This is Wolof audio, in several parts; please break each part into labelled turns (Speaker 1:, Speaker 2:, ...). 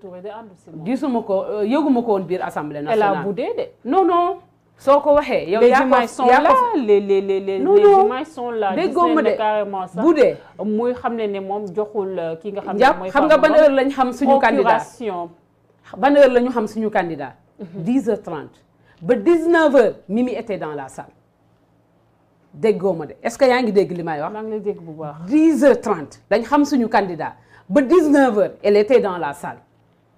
Speaker 1: Touré de àndu si moom
Speaker 2: gisuma ko euh, yëguma ko biir assemblée na elle a boudé de. non non soo
Speaker 1: ko waxee. yow yaa ko yaa ko les les les les images sont ma de carrément sax boudé. muy xam ne ne moom joxul euh, ki nga xam ne mooy. xam nga ban heure lañ xam suñu. candidat
Speaker 2: ban heure la ñu xam suñu candidat. 10h30 mhm. ba 19h Mimi était dans la salle. déggoo ma est-ce que yaa ngi dégg li may wax. maa bu baax 10 h dañ xam suñu candidat ba 19h elle dans la salle.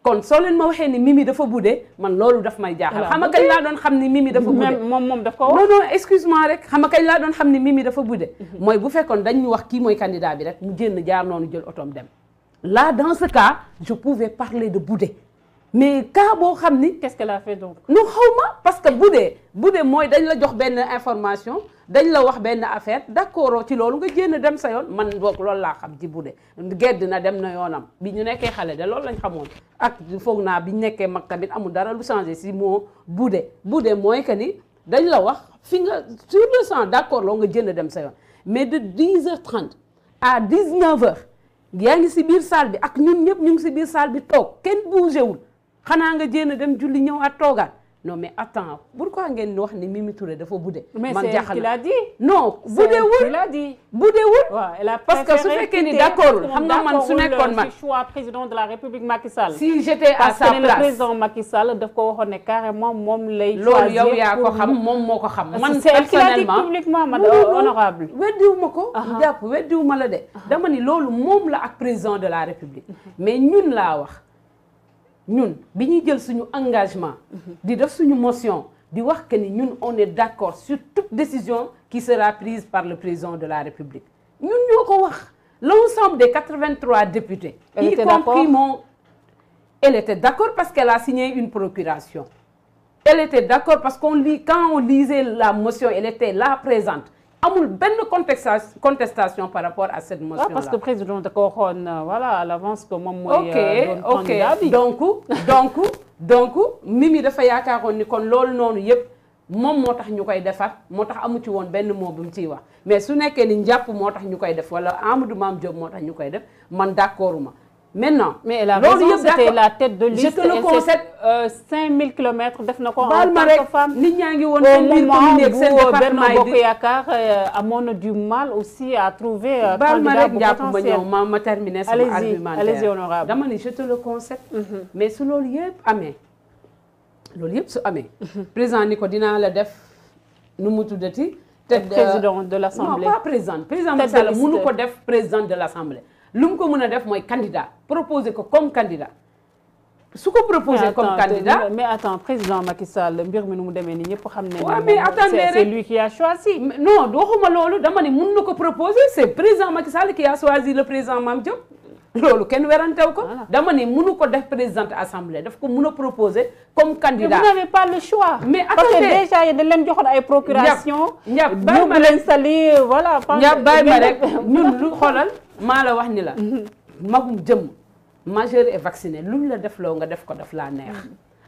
Speaker 2: kon soo leen ma waxee ni Mimi dafa budde man loolu daf may jaaxal xam nga kañ laa doon xam ni Mimi dafa budde
Speaker 1: moom moom daf ko wax non non
Speaker 2: excuse rek xam nga kañ laa doon xam ni Mimi dafa budde mhm. mooy bu fekkoon dañ ñu wax kii mooy candidat bi rek mu génn jaar noonu jël otoom dem là dans ce cas je pouvais parler de budde mais cas boo xam ni. qu'est-ce qu'elle a fait donc. non xaw ma parce que bu dee bu dee mooy dañ la jox benn information dañ la wax benn affaire d'accord ci loolu nga jéem dem sa yoon man boog loolu laa xam ji bu dee gedd na dem na yoonam bi ñu nekkee xale de loolu lañ xamoon ak foog naa bi ñu nekkee mag tamit amul dara lu changé si moo bu dee dee mooy que ni dañ la wax fi nga sur le champ d'accord loolu nga jéem dem sa yoon mais de 10h30 à 19h yaa ngi si biir salle bi ak ñun ñëpp ñu ngi si biir salle bi toog kenn bougé wul. xanaa nga jéem a dem julli a toogaat non mais attends pourquoi ngeen wax ni Mimi Touré dafa budde. man jaaxal la mais non budewul la di budewul.
Speaker 1: parce que su fekkee ni d' accord xam nga man su nekkoon man choix la république Macky Sall. si j' étais à sa place parce président Macky Sall daf ko waxoon ne carrément moom lay. loolu yow yaa ko xam moom moo ko xam. man personnellement publiquement man honorable.
Speaker 2: weddiwuma ko. Ah ah. jàpp weddiwuma la de. dama ni loolu moom la ak président de la république. Ah mais ñun laa wax. ñun bi ñuy jël suñu engagement. di def suñu motion di wax que ni ñun on est d'accord sur toute décision qui sera prise par le président de la République ñun ñoo ko wax l'ensemble des 83 députés. y compris mon elle était d'accord parce qu'elle a signé une procuration. elle était d'accord parce qu'on lit quand on lisait la motion elle était la présente. amul benn contestation contestation par rapport à cette motion là. waaw parce que
Speaker 1: président da ko waxoon euh, voilà à l'avance que moom
Speaker 2: mooy. Euh, doon candidat bi donc donc donc Mimi dafa yaakaaroon ni kon loolu noonu yëpp moom moo tax ñu koy defar moo tax amu ci woon benn moo bu mu ciy wax mais su nekkee ni njàpp moo tax ñu koy def wala Amadou Mame Diop moo tax ñu koy def man ma maintenant mais elle a raison c'était la
Speaker 1: tête de liste je te le euh, kilomètres def na ko. en tant que femme nit ñaa ngi woon seen biir commune ak seen euh, département yi bokk euh, amoon na du mal aussi à trouver. candidat bu potentiel baal ma rek jàpp ma ñëw ma ma terminer
Speaker 2: dama ni je te le concède. Mhm. mais su loolu yëpp amee loolu yëpp su amee. Mhm. président ni ko dinaa la def nu mu tuddati. tête président de l'assemblée non pas président président Macky Sall mënu ko def président de l'assemblée. lu mu ko mën a def mooy candidat proposer ko comme candidat
Speaker 1: su ko proposé comme candidat mais attends président Macky Sall mbir mi nu mu demee nii ñëpp xam ne waaw mais attendez rek c'est lui qui a choisi. non waxuma loolu dama ne mun na ko proposé c'est président
Speaker 2: Macky Sall qui a choisi le président Mame Diop. loolu kenn werantew ko. dama mun mënu ko def présidente assemblée daf ko mun a proposer comme candidat. mais vous
Speaker 1: n'avez pas le choix. mais attendez déjà yéen dañ
Speaker 2: leen ay procuration. ñàpp ñàpp ma sali
Speaker 1: voilà. ñàpp bàyyi ma
Speaker 2: lu xoolal. maa la wax ni la magum jëm majeur et lu ñu la def loo nga def ko daf laa neex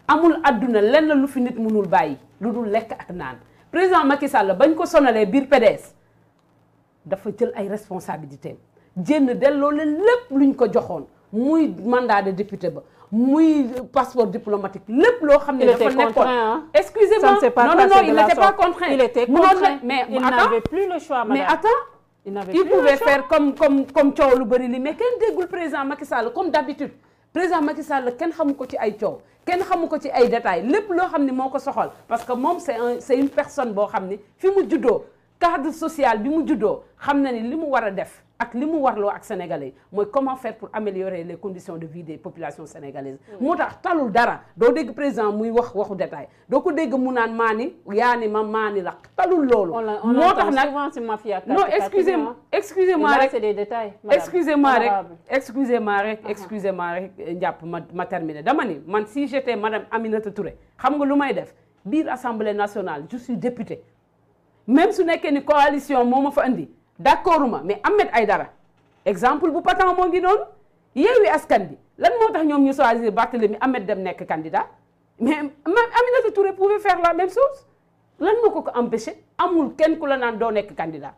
Speaker 2: amul àdduna lenn lu fi nit mënul bàyyi lu dul lekk ak naan président Macky Sall bañ ko sonalee biir PDS dafa jël ay responsabilités jénn delloo leen lépp luñ ko joxoon muy mandat de député ba muy passeport diplomatique lépp loo xam ne dafa nekkoon excusez-moi non non non il contraint mais attends
Speaker 1: mais attends il pouvait faire
Speaker 2: comme comme comme coow lu bëri li mais kenn déggul président Macky Sall comme d'habitude président Macky Sall kenn xamu ko ci ay coow kenn xamu ko ci ay détails lépp loo xam ne moo ko soxal parce que moom c'est un c'est une personne boo xam ni fi mu juddoo cadre social bi mu juddoo xam na ni li mu war a def ak li mu loo ak sénégalais mooy comment faire pour améliorer les condition de vie des populations sénégalaises moo tax talul dara doo dégg président muy wax waxu détail doo ko dégg mu naan maa ni ma maa ni la talul loolu moo tax nag
Speaker 1: non excusez
Speaker 2: excusez moi rek
Speaker 1: excusez moi rek
Speaker 2: excusez moi rek uh-huh. excusez moi rek ma ma terminer dama man si j'étais madame Aminata Touré xam nga lu may def biir assemblée nationale je suis députée même su nekkee ni coalition moo ma fa andi d'accord ma mais ay dara exemple bu patan moo ngi noonu Yewwi Askan bi lan moo tax ñoom ñu choisir Barthélemy Ahmed dem nekk candidat mais Aminata Touré pouvait faire la même chose lan moo ko ko empêché amul kenn ku la naan doo nekk candidat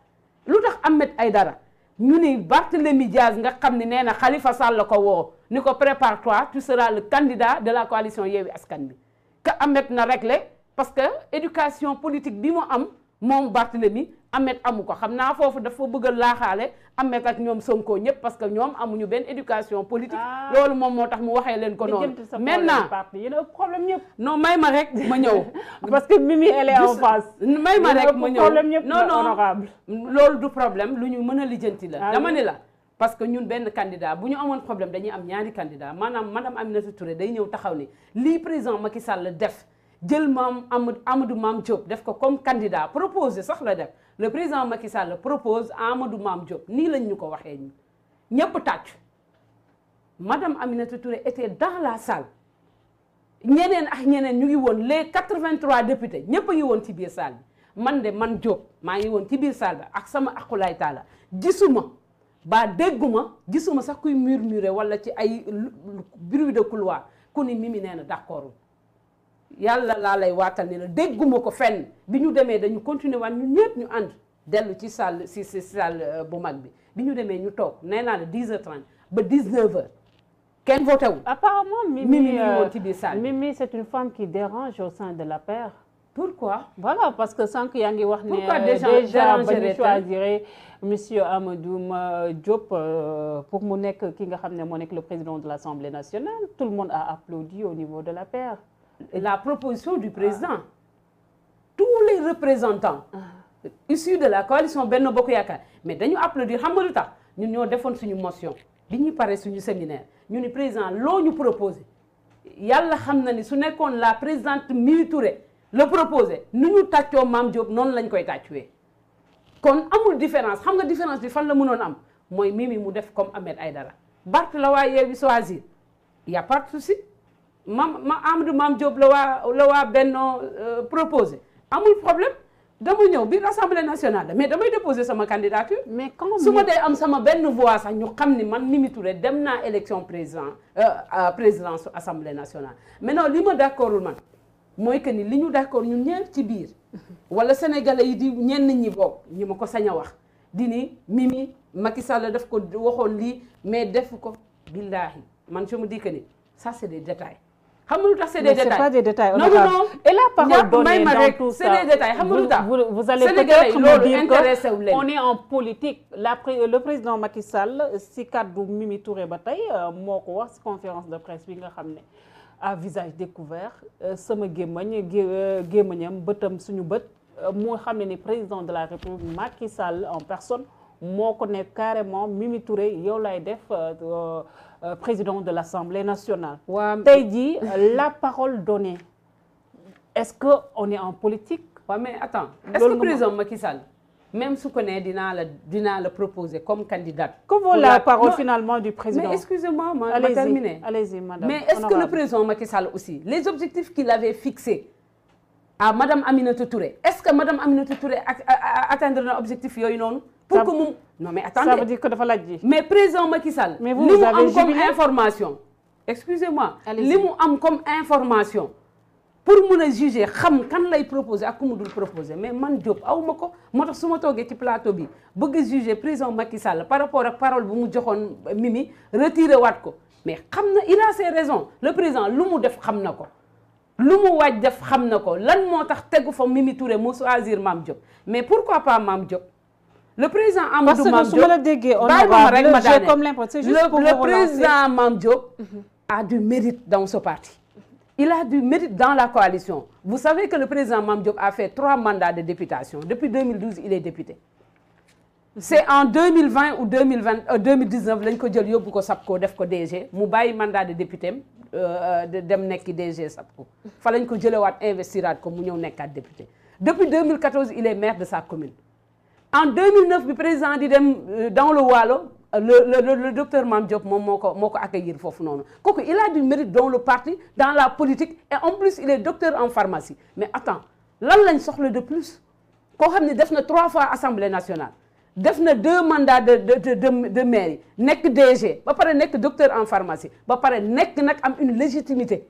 Speaker 2: lu tax ay dara ñu ni Barthélemy Diaz nga xam ne nee na Khalifa salla ko woo ni ko prépare-toi tu seras le candidat de la coalition Yewwi Askan Wi que Ahmed na réglé parce que éducation politique bi mu am moom Barthélemy Ahmed amu ko xam naa foofu dafa bëgg laaxaale Ahmed ak ñoom Sonko ñëpp parce que ñoom amuñu benn éducation politique. Ah. loolu moom moo tax mu waxee leen ko noonu. maintenant problème ñëpp. non may ma rek ma ñëw. parce que Mimi elle est en face. may ma rek ma ñëw non non loolu du problème lu ñu mën a lijjanti la. Ah dama ni la parce que ñun benn candidat bu ñu amoon problème dañuy am ñaari candidat maanaam madame Aminata Touré day ñëw taxaw ni lii président Macky Sall def jël maam am Amadou Mame Diop def ko comme candidat proposé sax la def. le président Macky Sall propose Amadou Mame Diop nii lañ ñu ko waxee ñu ñëpp tàcc madame Aminata toure était dans la salle ñeneen ak ñeneen ñu ngi woon les 83 députés ñëpp a ngi woon ci biir salle bi man de man Diop maa ngi woon ci biir saal bi ak sama akulaay taala gisuma baa dégguma gisuma sax kuy murmurer wala ci ay bruit de couloir ku ni Mimi nee na d'accord yàlla laa lay waatal ne la dégguma ko fenn bi ñu demee dañu continuer waan ñun ñëpp ñu ànd dellu ci salle si si salle euh, bu mag bi bi ñu demee ñu toog nee naa la 10h30 ba 19h kenn voté wul. apparemment Mimi Mimi euh, ci
Speaker 1: biir salle Mimi c'est une femme qui dérange au sein de la paire. pourquoi. voilà parce que sànq yaa ngi wax. pourquoi euh, déjà déjà ba ñu choisir monsieur Amadou Diop pour mu nekk ki nga xam ne moo nekk le président de l'Assemblée nationale tout le monde a applaudi au niveau de la paire. la proposition du président tous
Speaker 2: les représentants ah. issus de la coalition benn Bokk Yaakaar mais dañu applaudir xam nga lu tax ñun ñoo defoon suñu motion bi ñuy paree suñu séminaire ñu ni président loo ñu proposé yàlla xam na ni su nekkoon la présidente Mimi Touré la proposé nu ñu tàccoo Mame Diop noonu lañ koy tàccuwee kon amul différence xam nga différence bi fan la mënoon am mooy Mimi mu def comme Ahmed Aïdara Barth la waa Yewwi choisir y a pas de ma ma Amadou Mame Diop la waa la waa Benno euh, proposé amul problème dama ñëw biir assemblée nationale la mais damay déposer sama candidature. mais quand su ma dee am sama benn voix sax ñu xam ni man Mimi Touré dem naa élection président euh, présidence su assemblée nationale. maintenant li ma d'accordul man mooy que ni li ñu d'accord ñun ñëpp ci biir wala sénégalais yi di ñenn ñi bokk ñi ma ko sañ a wax dini ni Mimi Macky Sall daf ko waxoon lii mais def ko billaahi man su ma di que des détails
Speaker 1: xam nga lu tax c'est des détails c'est pas des détails non non et la parole donnée dans tout ça c'est des détails xam nga lu tax vous vous allez peut-être me dire que on est en politique la euh, le président Macky Sall si kaddu Mimi Touré ba tey euh, moo ko wax si conférence de presse bi nga xam ne à visage découvert euh, sama gémmañ gémmañam bëtam suñu bët moo xam ne ni président de la République Macky Sall en personne moo ko nekk carrément Mimi Touré yow lay def Euh, président de l'Assemblée nationale. waaw tey jii la parole donnée est-ce que on est en politique. waaw
Speaker 2: mais attends est-ce que président Macky Sall même su ko nee dinaa la dinaa la proposer comme candidate. que vaut la parole finalement du président mais
Speaker 1: excusez-moi ma ma terminer. allez-y madame mais est-ce que le
Speaker 2: président Macky Sall aussi les objectifs qu'il avait fixés. à madame Aminata Touré est-ce que madame Aminata Touré atteindre na objectif yooyu noonu. pour que mu non mais attendez ça veut dire que dafa laaj ji mais président Macky Sall li mu am comme information excusez-moi li mu am comme information pour mu a juger xam kan lay proposer a ku mu dul proposer mais man Diop aw ma ko moo tax su ma toogee ci plateau bi bëgg a juger président Macky Sall par rapport ak parole bu mu joxoon Mimi retiré waat ko mais xam na il a ses le président lu mu def xam na ko lu mu waaj def xam na ko lan moo tax tegu fa Mimi Touré mu choisir Mame Diop mais pourquoi pas Mame Diop le président Amadou Mame Diop parce que déggee on a comme l'impression le président Mame Diop mhm. a du mérite dans ce parti. il a du mérite dans la coalition vous savez que le président Mame Diop a fait trois mandats de députation depuis 2012 il est député. c'est en 2020 ou 2020 2019 euh, lañ ko jël yóbbu ko SAPCO def ko DG mu bàyyi mandat de député am euh, euh, dem ko DG SAPCO fa lañ ko jëlewaat investiraat ko mu ñëw nekkaat député depuis 2014 il est maire de sa commune. en 2009 bi président di dem euh, dans Waalo euh, le le le docteur Mame Diop moom moo ko moo ko accueillir foofu noonu kooku il a du mérite dans le parti dans la politique et en plus il est docteur en pharmacie mais attends lan lañ soxla de plus koo xam ni def na trois fois assemblée nationale def na deux mandats de de de de, de maire nekk DG ba pare nekk docteur en pharmacie ba pare nekk nag am une légitimité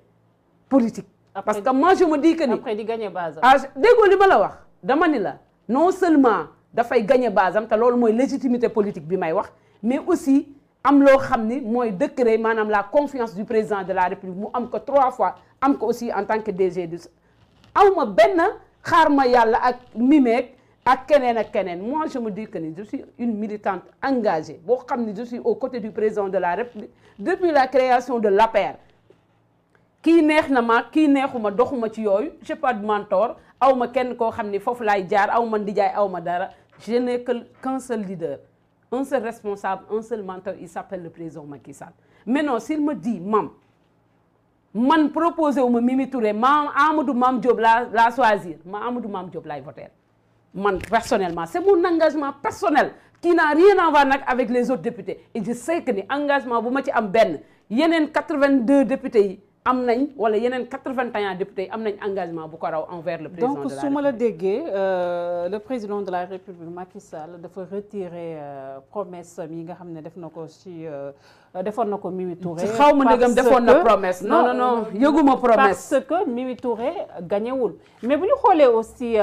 Speaker 2: politique. parce que moi je me dis di
Speaker 1: gagner base. ah
Speaker 2: déggoo li ma la wax dama ni la non seulement. dafay gagné base am te loolu mooy légitimité politique bi may wax mais aussi am loo xam ni mooy décret maanaam la confiance du président de la république mu am ko trois fois am ko aussi en tant que DG du ma benn xaar ma yàlla ak mimeek ak keneen ak keneen mois je me dis que ni je suis une militante engagée boo xam ni je suis aux côtés du président de la république depuis la création de la l'APR kii neex na ma kii neexuma doxuma ci yooyu j'ai pas aw ma kenn koo xam ni foofu laay jaar aw ma ndijaay aw ma dara Je n'ai qu'un seul leader, un seul responsable, un mentor, il s'appelle le président ma Sall. Maintenant, s'il me di mam, man proposé wu ma Mimi Touré ma Amadou Mame Diop laa laa choisir ma Amadou Mame Diop laay voter man personnellement c'est mon engagement personnel qui n'a rien à nag avec les autres députés et je sais que bu ma ci am benn yeneen 82 députés yi am nañ wala yeneen quatre-vingt-un députés am nañ engagement bu ko raw envers le président
Speaker 1: euh, de la république Macky Sall dafa retirer euh, promesse yi nga xam ne def na ko si euh, defoon na ko Mimi Touré. xaw ma ndegam defoon na promesse. non non non yëguma promesse. parce que Mimi Touré gañewul mais bu ñu xoolee aussi.